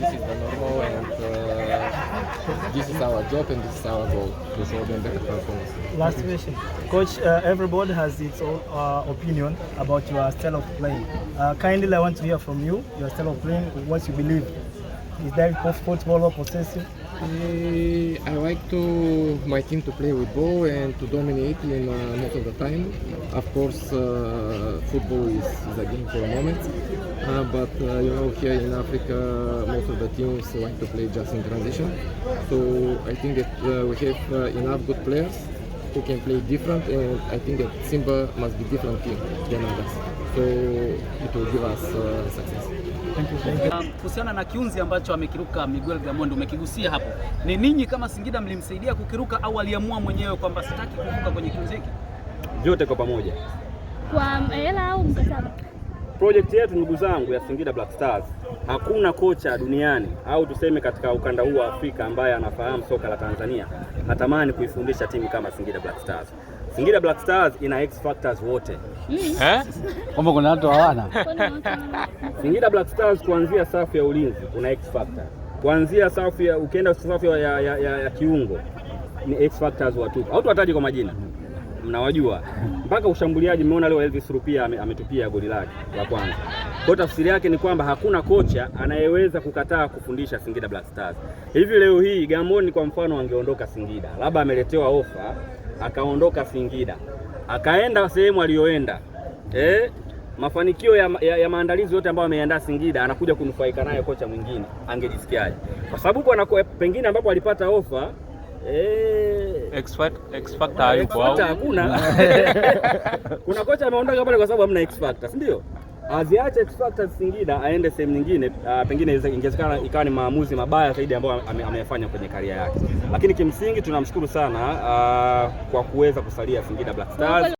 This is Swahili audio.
this is the normal and uh, this is our job and this is our goal to show them better performance. Last question. Coach, uh, every board has its own uh, opinion about your style of playing. kindly, I want to hear from you, your style of playing, what you believe. Is that comfortable or possessive? I, like to my team to play with ball and to dominate in uh, most of the time. Of course, uh, football is, is a game for a moment, uh, but uh, you know here in Africa most of the teams like to play just in transition. So I think that uh, we have uh, enough good players who can play different, and I think that Simba must be different team than others, so it will give us uh, success. Thank um, Kuhusiana na kiunzi ambacho amekiruka Miguel Gamondo, umekigusia hapo, ni ninyi kama Singida mlimsaidia kukiruka au aliamua mwenyewe kwamba sitaki kuruka kwenye kiunzi hiki? Vyote kwa pamoja, kwa hela au mkataba Projekti yetu ndugu zangu ya Singida Black Stars, hakuna kocha duniani au tuseme katika ukanda huu wa Afrika ambaye anafahamu soka la Tanzania hatamani kuifundisha timu kama Singida Black Stars. Singida Black Stars ina X factors wote eh? kwamba kuna watu hawana. Singida Black Stars kuanzia safu ya ulinzi kuna X factor, kuanzia safu ya ukienda safu ya, ya, ya, ya kiungo ni X factors watupu, au tuwataje kwa majina mnawajua mpaka ushambuliaji. Mmeona leo Elvis Rupia ametupia goli lake la kwanza. Kwa tafsiri yake ni kwamba hakuna kocha anayeweza kukataa kufundisha Singida Black Stars. Hivi leo hii Gamboni kwa mfano angeondoka Singida, labda ameletewa ofa akaondoka Singida akaenda sehemu aliyoenda eh? mafanikio ya, ya, ya maandalizi yote ambayo ameandaa Singida anakuja kunufaika naye kocha mwingine, angejisikiaje? Kwa sababu huko pengine ambapo alipata ofa Expert eh. hakuna? Kuna kocha ameondoka pale kwa sababu hamna X factor, si ndio? Aziache X factor Singida aende sehemu nyingine, ah, pengine ingewezekana ikawa ni maamuzi mabaya zaidi ambayo ameyafanya kwenye karia yake, lakini kimsingi tunamshukuru sana a, ah, kwa kuweza kusalia Singida Black Stars.